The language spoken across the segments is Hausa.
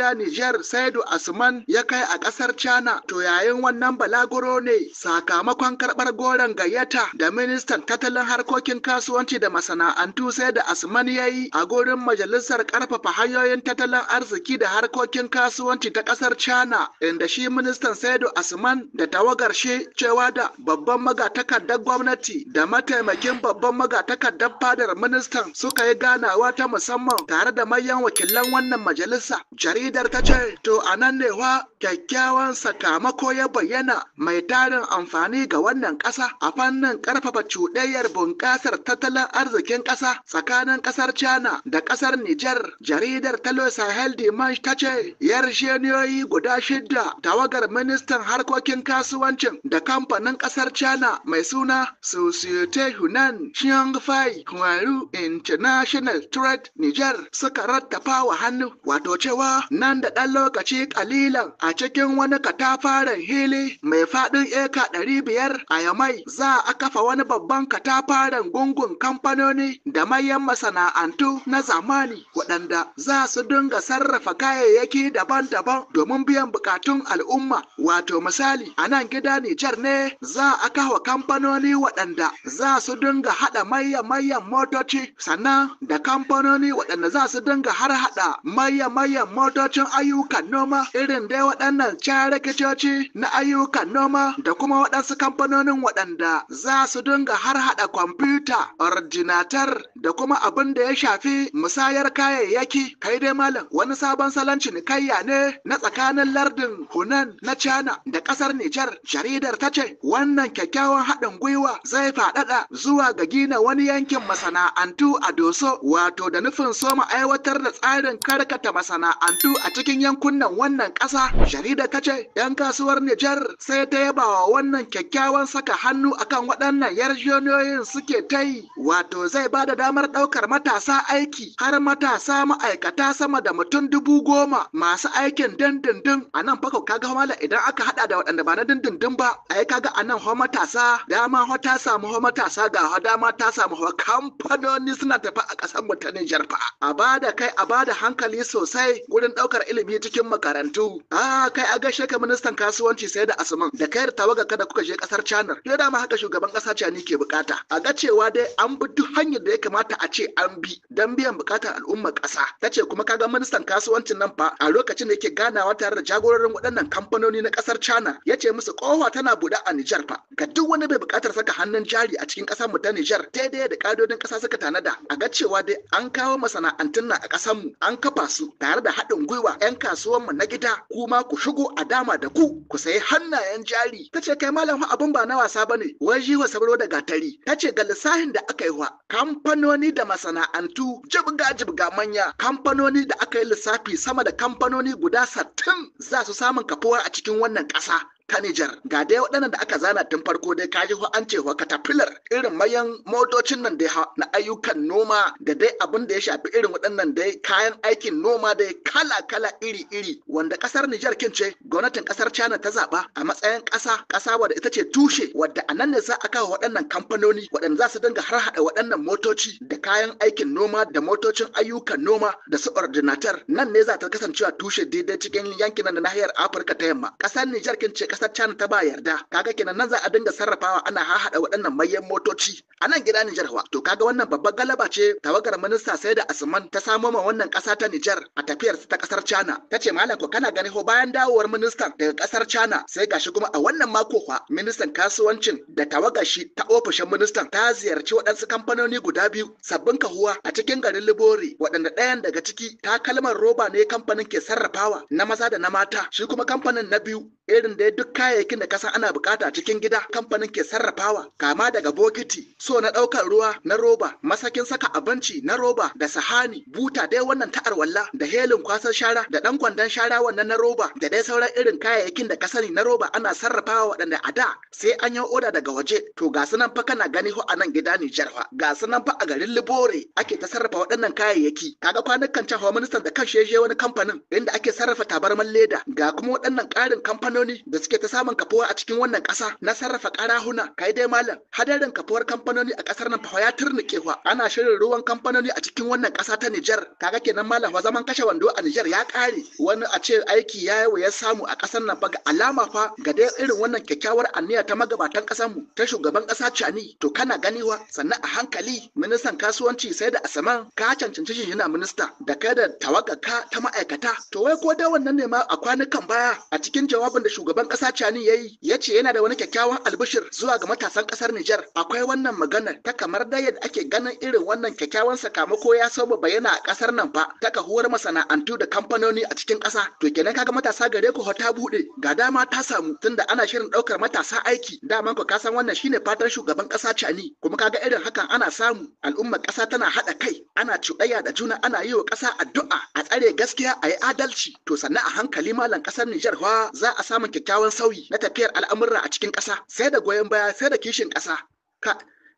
gida Nijar Saidu Asman ya kai a ƙasar China to yayin wannan balaguro ne sakamakon karɓar goron gayyata da ministan tattalin harkokin kasuwanci da masana'antu Saidu Asman ya yi a gurin majalisar ƙarfafa hanyoyin tattalin arziki da harkokin kasuwanci ta ƙasar China inda shi ministan Saidu Asman da tawagar shi cewa da babban magatakardar gwamnati da mataimakin babban magatakardar fadar ministan suka yi ganawa ta musamman tare da manyan wakilan wannan majalisa jarida jaridar ta ce to a nan ne wa kyakkyawan sakamako ya bayyana mai tarin amfani ga wannan ƙasa a fannin ƙarfafa cuɗayyar bunƙasar tattalin arzikin ƙasa tsakanin ƙasar China da ƙasar Nijar. Jaridar Talo Sahel Dimanche ta ce yarjeniyoyi guda shidda tawagar ministan harkokin kasuwancin da kamfanin ƙasar China mai suna Societe Hunan Shanghai Huaru International Trade Nijar suka rattafa wa hannu wato cewa nan da ɗan lokaci ƙalilan a cikin wani katafaren hili mai faɗin eka ɗari biyar a yamai za a kafa wani babban katafaren gungun kamfanoni da mayan masana'antu na zamani waɗanda za su dinga sarrafa kayayyaki daban-daban domin biyan buƙatun al'umma wato misali a nan gida Nijar ne za a kafa kamfanoni waɗanda za su dinga haɗa mayan-mayan motoci sannan da kamfanoni waɗanda za su dinga har haɗa mayan-mayan motoci ɗaukacin ayyukan noma irin dai waɗannan kicoci na ayyukan noma da kuma waɗansu kamfanonin waɗanda za su dinga har haɗa kwamfuta ordinatar da kuma abin da ya shafi musayar kayayyaki kai dai malam wani sabon salon cinikayya ne na tsakanin lardin hunan na china da ƙasar nijar jaridar ta ce wannan kyakkyawan haɗin gwiwa zai faɗaɗa zuwa ga gina wani yankin masana'antu a doso wato da nufin soma aiwatar da tsarin karkata masana'antu a cikin yankunan wannan ƙasa jarida ta ce 'yan kasuwar Nijar sai ta yaba wa wannan kyakkyawan saka hannu akan waɗannan yarjejeniyoyin suke ta yi wato zai ba da damar ɗaukar matasa aiki har matasa ma'aikata sama da mutum dubu goma masu aikin dindindin a nan bako kaga mala idan aka haɗa da waɗanda ba na dindindin ba ai kaga a nan ho matasa dama ho ta samu ho matasa ga ho dama ta samu ho kamfanoni suna tafi a ƙasar mu ta Nijar fa a ba da kai a ba da hankali sosai wurin ɗaukar ɗaukar ilimi cikin makarantu a kai a gaishe ka ministan kasuwanci sai da asuman da da tawaga kada kuka je kasar canar to dama haka shugaban kasa cani ke bukata a ga cewa dai an bi duk hanyar da ya kamata a ce an bi dan biyan bukatar al'ummar kasa ta ce kuma ka ga ministan kasuwancin nan fa a lokacin da yake ganawa tare da jagororin waɗannan kamfanoni na kasar cana ya ce musu kowa tana buɗe a nijar fa ga duk wani bai bukatar saka hannun jari a cikin kasar mu ta nijar daidai da kadodin kasa suka tanada a ga cewa dai an kawo masana'antun nan a kasar mu an kafa su tare da haɗin gwiwa gwiwa 'yan mu na gida kuma ku shigo a dama da ku ku sayi hannayen jari ta ce kai malam abun ba na wasa bane wai wa sabro da gatari ta ce ga lissahin da aka yi wa kamfanoni da masana'antu jibga jibga manya kamfanoni da aka yi lissafi sama da kamfanoni guda sattin za su samun kafuwa a cikin wannan ƙasa ta Nijar ga dai waɗannan da aka zana tun farko dai kaji ho an ce ho katafilar irin mayan motocin nan dai na ayyukan noma da dai abin da ya shafi irin waɗannan dai kayan aikin noma dai kala kala iri iri wanda kasar Nijar kin ce gwamnatin kasar China ta zaba a matsayin ƙasa ƙasa wadda ita ce tushe wadda a nan ne za a kawo waɗannan kamfanoni waɗanda za su dinga har haɗa waɗannan motoci da kayan aikin noma da motocin ayyukan noma da su ordinatar nan ne za ta kasancewa tushe daidai cikin yankin nan da nahiyar Afirka ta yamma kasar Nijar kin ce kasar China ta ba yarda kaga kenan nan za a dinga sarrafawa ana hahada waɗannan mayan motoci a nan gida Nijar wa to kaga wannan babbar galaba ce tawagar minista sai da Asman ta samo ma wannan kasa ta Nijar a tafiyar ta kasar China ta ce malam ko kana gani ho bayan dawowar ministan daga kasar China sai gashi kuma a wannan mako kwa ministan kasuwancin da tawagar shi ta ofishin ministan ta ziyarci waɗansu kamfanoni guda biyu sabbin kahuwa a cikin garin Libori waɗanda ɗayan daga ciki ta kalmar roba ne kamfanin ke sarrafawa na maza da na mata shi kuma kamfanin na biyu irin da duk kayayyakin da kasan ana bukata cikin gida kamfanin ke sarrafawa kama daga bokiti so na daukar ruwa na roba masakin saka abinci na roba da sahani buta dai wannan ta arwalla da helin kwasar shara da ɗan kwandon shara wannan na roba da dai sauran irin kayayyakin da sani na roba ana sarrafawa waɗanda a da sai an yi oda daga waje to ga su nan fa kana gani ho a nan gida Nijar jarfa ga su nan fa a garin Libore ake ta sarrafa waɗannan kayayyaki kaga kwanukan can hawa ministan da kan sheje wani kamfanin inda ake sarrafa tabarman leda ga kuma waɗannan ƙarin kamfanoni da suke ta samun kafuwa a cikin wannan ƙasa na sarrafa karahuna kai dai malam hadarin kafuwar kamfanoni a ƙasar nan fa ya turnike fa ana shirin ruwan kamfanoni a cikin wannan ƙasa ta Nijar kaga kenan malam wa zaman kashe wando a Nijar ya ƙare wani a ce aiki ya yi ya samu a ƙasar nan fa ga alama fa ga dai irin wannan kyakkyawar anniya ta magabatan ƙasar mu ta shugaban ƙasa Cani to kana wa? sannan a hankali ministan kasuwanci sai da asaman ka cancanci shi yana minista da kai da tawagar ka ta ma'aikata to wai ko da wannan ne ma a kwanukan baya a cikin jawabin da shugaban ƙasa ya yi ya ce yana da wani kyakkyawan albishir zuwa ga matasan kasar Nijar akwai wannan maganar ta kamar da yadda ake ganin irin wannan kyakkyawan sakamako ya saba bayyana a kasar nan fa ta kahuwar masana'antu da kamfanoni a cikin ƙasa to kenan kaga matasa gare ku ta bude ga dama ta samu tunda ana shirin daukar matasa aiki daman ku kasan wannan shine fatar shugaban ƙasa Cani kuma kaga irin hakan ana samu al'ummar kasa tana haɗa kai ana cuɗaya da juna ana yi wa ƙasa addu'a a tsare gaskiya a yi adalci to sannan a hankali malam kasar Nijar fa za a samu kyakkyawan sauyi na tafiyar al'amurra a cikin ƙasa sai da goyon baya sai da kishin ƙasa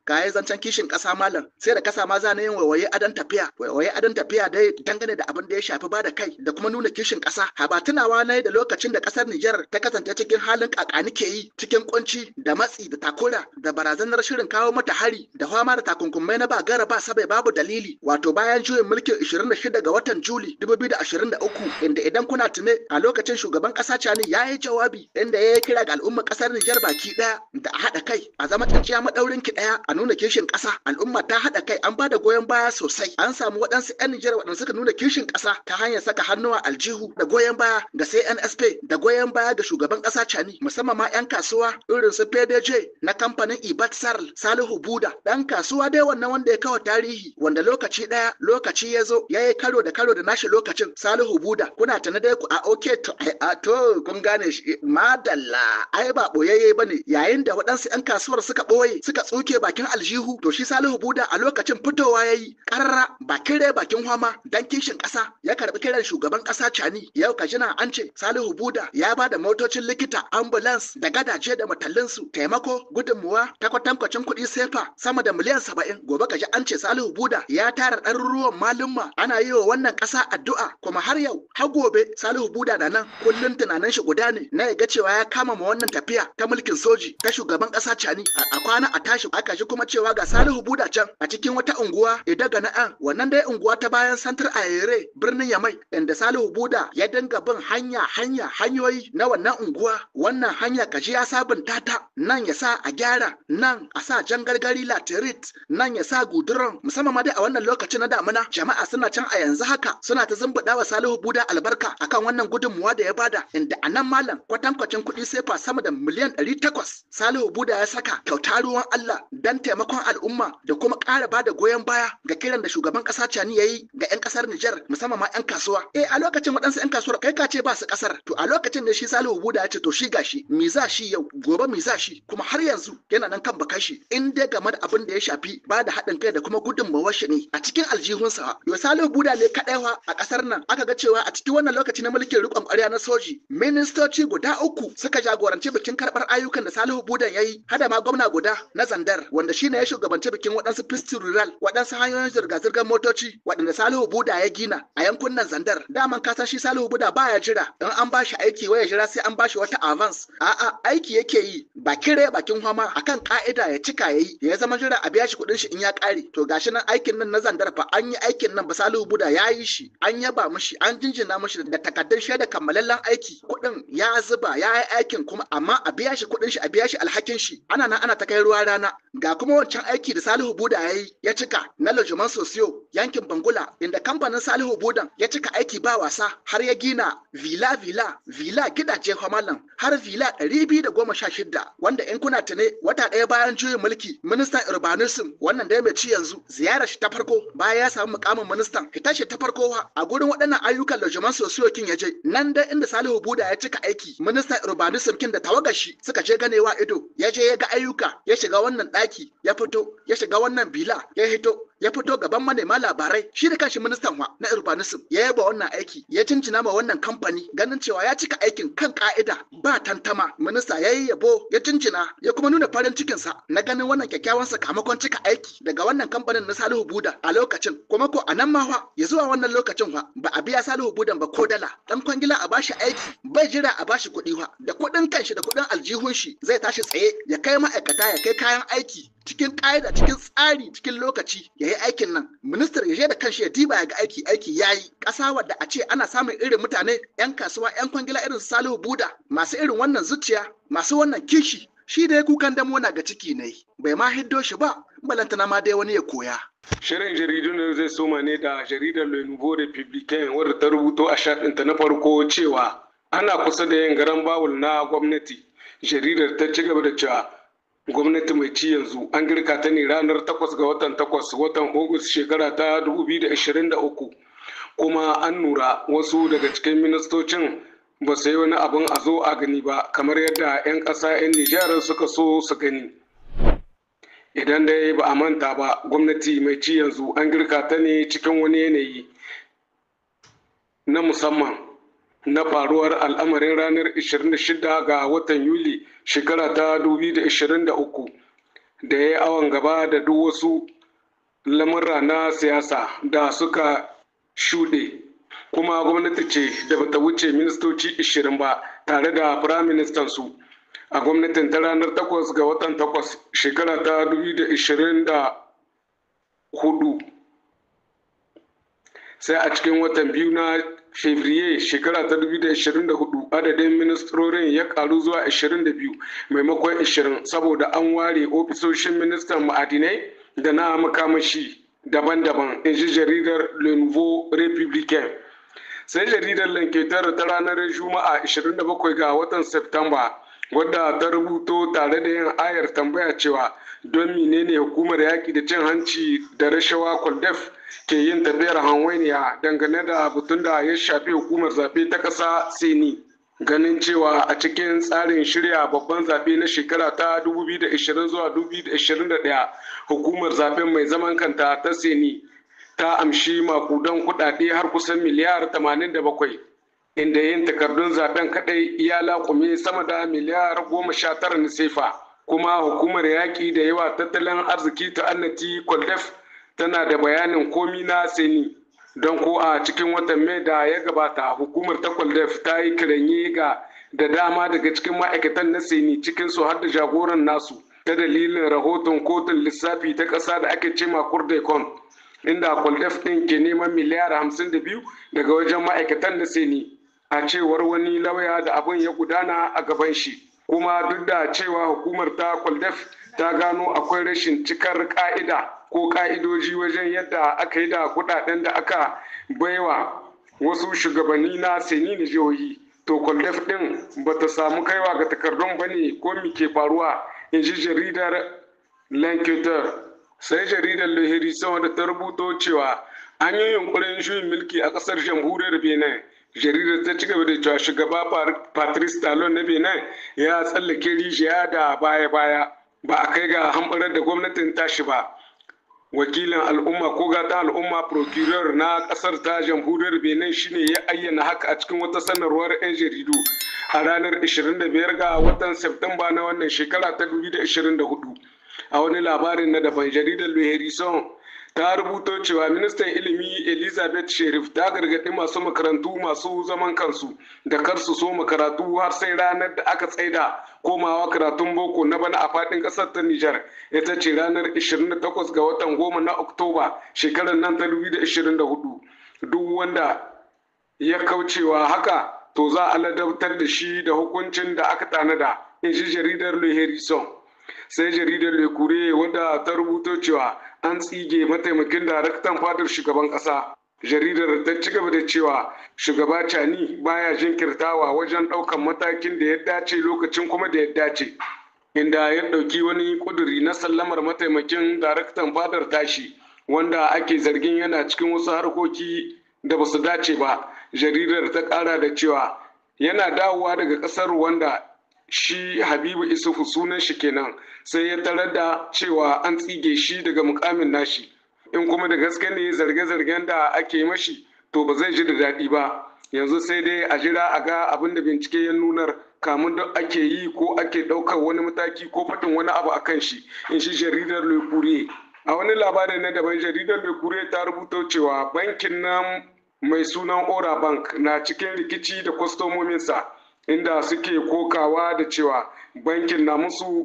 Ka yi zancen kishin ƙasa malam sai da ƙasa ma za na yin waye adon tafiya waye adon tafiya dai dangane da abin da ya shafi ba da kai da kuma nuna kishin ƙasa ha ba tunawa na da lokacin da ƙasar Nijar ta kasance cikin halin kakani ke yi cikin kunci da matsi da takura da barazanar shirin kawo mata hari da fama da takunkumai na ba gara ba sabai babu dalili wato bayan juyin mulkin 26 ga watan Juli 2023 inda idan kuna tume a lokacin shugaban ƙasa cani ya yi jawabi inda ya kira ga al'ummar ƙasar Nijar baki ɗaya da a haɗa kai a zama tsakiya maɗaurin ki ɗaya a nuna kishin ƙasa al'umma ta haɗa kai an ba da goyon baya sosai an samu waɗansu 'yan Nijar waɗanda suka nuna kishin ƙasa ta hanyar saka hannuwa aljihu da goyon baya ga CNSP da goyon baya ga shugaban ƙasa Cani musamman ma 'yan kasuwa irin su PDJ na kamfanin Ibat Sarl Salihu Buda ɗan kasuwa dai wannan wanda ya kawo tarihi wanda lokaci ɗaya lokaci ya zo ya yi karo da karo da nashi lokacin Salihu Buda kuna tana dai ku a oke to a to kun gane shi madalla ai ba ɓoyayye bane yayin da waɗansu 'yan kasuwar suka ɓoye suka tsuke bakin bakin aljihu to shi Salihu Buda a lokacin fitowa ya yi karara bakin rai bakin hama dan kishin ƙasa ya karbi kiran shugaban ƙasa Cani yau kajina an ce Salihu Buda ya ba da motocin likita ambulance da gadaje da matallinsu. taimako gudunmuwa ta kwatankwacin kuɗi sefa sama da miliyan saba'in gobe kaji an ce Salihu Buda ya tara ɗaruruwan malumma ana yi wa wannan ƙasa addu'a kuma har yau har gobe Salihu Buda da nan kullum tunanin shi guda ne na ya ga cewa ya kama ma wannan tafiya ta mulkin soji ta shugaban ƙasa Cani a kwana a tashi aka ji kuma cewa ga Salihu Buda can a cikin wata unguwa e, daga na an wannan dai unguwa ta bayan santar Ayere birnin Yamai inda Salihu Buda ya dinga bin hanya hanya hanyoyi na wannan unguwa wannan hanya kaji ya sabunta ta nan ya sa a gyara nan a sa jan gargari latirit nan ya sa guduran musamman ma dai a wannan lokacin na damuna jama'a suna can a yanzu haka suna ta zumbuda wa Salihu Buda albarka akan wannan gudunmuwa da ya bada inda a nan malam kwatankwacin kuɗi sefa sama da miliyan ɗari takwas Salihu Buda ya saka kyauta ruwan Allah dan taimakon al'umma da kuma ƙara ba da goyon baya ga kiran da shugaban ƙasa Cani ya yi ga 'yan ƙasar Nijar musamman ma 'yan kasuwa. Eh a lokacin waɗansu 'yan kasuwar kai ka ce ba su ƙasar to a lokacin da shi Salihu Buda ya ce to shi gashi me za shi yau gobe me za shi kuma har yanzu yana nan kan baka shi in dai game da abin da ya shafi ba da haɗin kai da kuma gudunmawar shi ne a cikin aljihunsa. Yo Salihu Buda ne kaɗaiwa a ƙasar nan aka ga cewa a cikin wannan lokaci na mulkin riƙon ƙwarya na soji ministoci guda uku suka jagoranci bikin karɓar ayyukan da Salihu Buda ya yi hada ma gwamna guda na Zandar wanda wanda shine ya shugabanci bikin waɗansu fistin rural waɗansu hanyoyin zirga-zirgar motoci waɗanda Salihu Buda ya gina a yankunan Zandar. Daman kasan shi Salihu Buda baya jira in an ba shi aiki waya jira sai an bashi wata avance. A'a aiki yake yi ba kire bakin hama akan ka'ida ya cika yayi ya zama jira a biya shi kuɗin shi in ya ƙare. To gashi nan aikin nan na Zandar fa an yi aikin nan ba Salihu Buda ya yi shi an yaba mishi an jinjina mishi da takardun shaida kammalallen aiki kuɗin ya zuba ya yi aikin kuma amma a biya shi kuɗin shi a biya shi alhakin shi ana nan ana ta kai ruwa rana ga kuma wancan aiki da Salihu Buda ya yi ya cika na Lajuman Sosiyo yankin Bangula inda kamfanin Salihu Budan ya cika aiki ba wasa har ya gina vila-vila vila gidaje Hamalan har villa 216 wanda in kuna tune wata ɗaya bayan juyin mulki ministan urbanism wannan dai mai ci yanzu ziyarar shi ta farko bayan ya samu mukamin ministan fita shi ta farko a gurin waɗannan ayyukan Lajuman Sosiyo kin ya je nan dai inda Salihu Buda ya cika aiki ministan urbanism kin da tawagar shi suka je ganewa ido ya je ya ga ayyuka ya shiga wannan ɗaki ya fito ya shiga wannan bila ya hito ya fito gaban manema labarai shi da kashi ministan wa na urbanism ya yaba wannan aiki ya cincina ma wannan kamfani ganin cewa ya cika aikin kan ka'ida ba tantama minista ya yi yabo ya cincina ya kuma nuna farin cikinsa na ganin wannan kyakkyawan sakamakon cika aiki daga wannan kamfanin na Salihu Buda a lokacin kuma ko a nan ma fa ya zuwa wannan lokacin fa ba a biya Salihu Budan ba ko dala dan kwangila a bashi aiki bai jira a bashi kuɗi fa da kuɗin kanshi da kuɗin aljihun shi zai tashi tsaye ya kai ma'aikata ya kai kayan aiki cikin ƙa'ida cikin tsari cikin lokaci ya yi aikin nan ministar ya je da kanshi ya diba ya ga aiki aiki ya yi ƙasa wadda a ce ana samun irin mutane 'yan kasuwa 'yan kwangila irin salihu buda masu irin wannan zuciya masu wannan kishi shi da ya kukan damo na ga ciki na yi. bai ma hiddo shi ba balantana ma dai wani ya koya Shirin jaridun zai soma ne da jaridar Le Nouveau Republicain wadda ta rubuto a shaɗinta na farko cewa ana kusa da yin garan bawul na gwamnati. Jaridar ta ci gaba da cewa gwamnati mai ci yanzu an girka ta ne ranar 8 ga watan 8 watan Agusta shekara ta 2023 kuma an nura wasu daga cikin ministocin ba su yi wani abin a zo a gani ba kamar yadda 'yan ƙasa 'yan nijar suka so su gani idan dai ba a manta ba gwamnati mai ci yanzu an girka ta ne cikin wani yanayi na musamman na faruwar al'amarin ranar 26 ga watan Yuli shekara ta 2023 da ya yi awon gaba da duk wasu lamurra na siyasa da suka shuɗe. Kuma gwamnati ce da bata wuce ministoci 20 ba tare da firaministan su a gwamnatin ta ranar 8 ga watan 8 shekara ta 2024. sai a cikin watan biyu na fevriye shekara ta 2024 adadin ministrorin ya karu zuwa 22 maimakon 20 saboda an ware ofisoshin ministan ma'adinai da na makamashi daban-daban in ji jaridar Le Nouveau Republicain. Sai jaridar Lanketar ta ranar Juma'a 27 ga watan september. wadda ta rubuto tare da yin ayar tambaya cewa don menene hukumar yaƙi da cin hanci da rashawa kwaldef ke yin tafiyar hanwainiya dangane da batun da ya shafi hukumar zaɓe ta ƙasa seni ganin cewa a cikin tsarin shirya babban zaɓe na shekara ta 2020 zuwa 2021 hukumar zaɓen mai zaman kanta ta seni ta amshi makudan kuɗaɗe har kusan miliyar 87 inda yin takardun zaben kadai ya laƙume sama da miliyar goma sha tara na sefa kuma hukumar yaƙi da yawa tattalin arziki ta annati kwaldef tana da bayanin komi na seni don ko a cikin watan mai da ya gabata hukumar ta kwaldef ta yi kiranye ga da dama daga cikin ma'aikatan na seni cikin su har da jagoran nasu ta dalilin rahoton kotun lissafi ta ƙasa da ake cema kurdekon inda kwaldef ɗin ke neman miliyar hamsin da biyu daga wajen ma'aikatan na seni a cewar wani lauya da abin ya gudana a gaban shi kuma duk da cewa hukumar ta kwaldef ta gano akwai rashin cikar ka'ida ko ka'idoji wajen yadda aka yi da kudaden da aka baiwa wasu shugabanni na seni na jihohi to kwaldef din ba ta samu kaiwa ga takardun ba ne ko mi ke faruwa in ji jaridar lankitar sai jaridar lahiri sama da ta rubuto cewa an yi yunkurin juyin mulki a kasar jamhuriyar benin jaridar ta ci gaba da cewa shugaba patrice talon na benin ya tsallake rijiya da baya-baya ba a kai ga hamɓarar da gwamnatin tashi ba wakilin al'umma ko gata al'umma procureur na kasar ta jamhuriyar benin shine ya ayyana haka a cikin wata sanarwar 'yan jaridu a ranar 25 ga watan septemba na wannan shekara ta 2024 a wani labarin na daban jaridar son ta rubuto cewa ministan ilimi elizabeth sherif ta gargaɗi masu makarantu masu zaman kansu da kar su so makaratu har sai ranar da aka tsaida komawa karatun boko na bana a faɗin ƙasar ta nijar ita ce ranar 28 ga watan goma na oktoba shekarar nan ta 2024 duk wanda ya kaucewa haka to za a ladabtar da shi da hukuncin da aka tanada in ji jaridar le sai jaridar le kure wadda ta rubuto cewa an tsige mataimakin daraktan fadar shugaban Kasa. Jaridar ta ci gaba da cewa shugaba Cani baya jinkirtawa wajen ɗaukar matakin da ya dace lokacin kuma da ya dace. Inda ya ɗauki wani ƙuduri na sallamar mataimakin daraktan fadar tashi wanda ake zargin yana cikin wasu harkoki da ba su dace ba. Jaridar ta kara da cewa yana dawowa daga ƙasar Rwanda shi habibu isufu sunan shi kenan sai ya tarar da cewa an tsige shi daga mukamin nashi in kuma da gaske ne zarge-zargen da ake mashi to ba zai ji da daɗi ba yanzu sai dai a jira a ga abin da bincike ya nunar kamun da ake yi ko ake ɗaukar wani mataki ko faɗin wani abu akan shi in shi jaridar le a wani labarin na daban jaridar le ta rubuta cewa bankin nan mai sunan ora bank na cikin rikici da kwastomominsa inda suke kokawa da cewa bankin na musu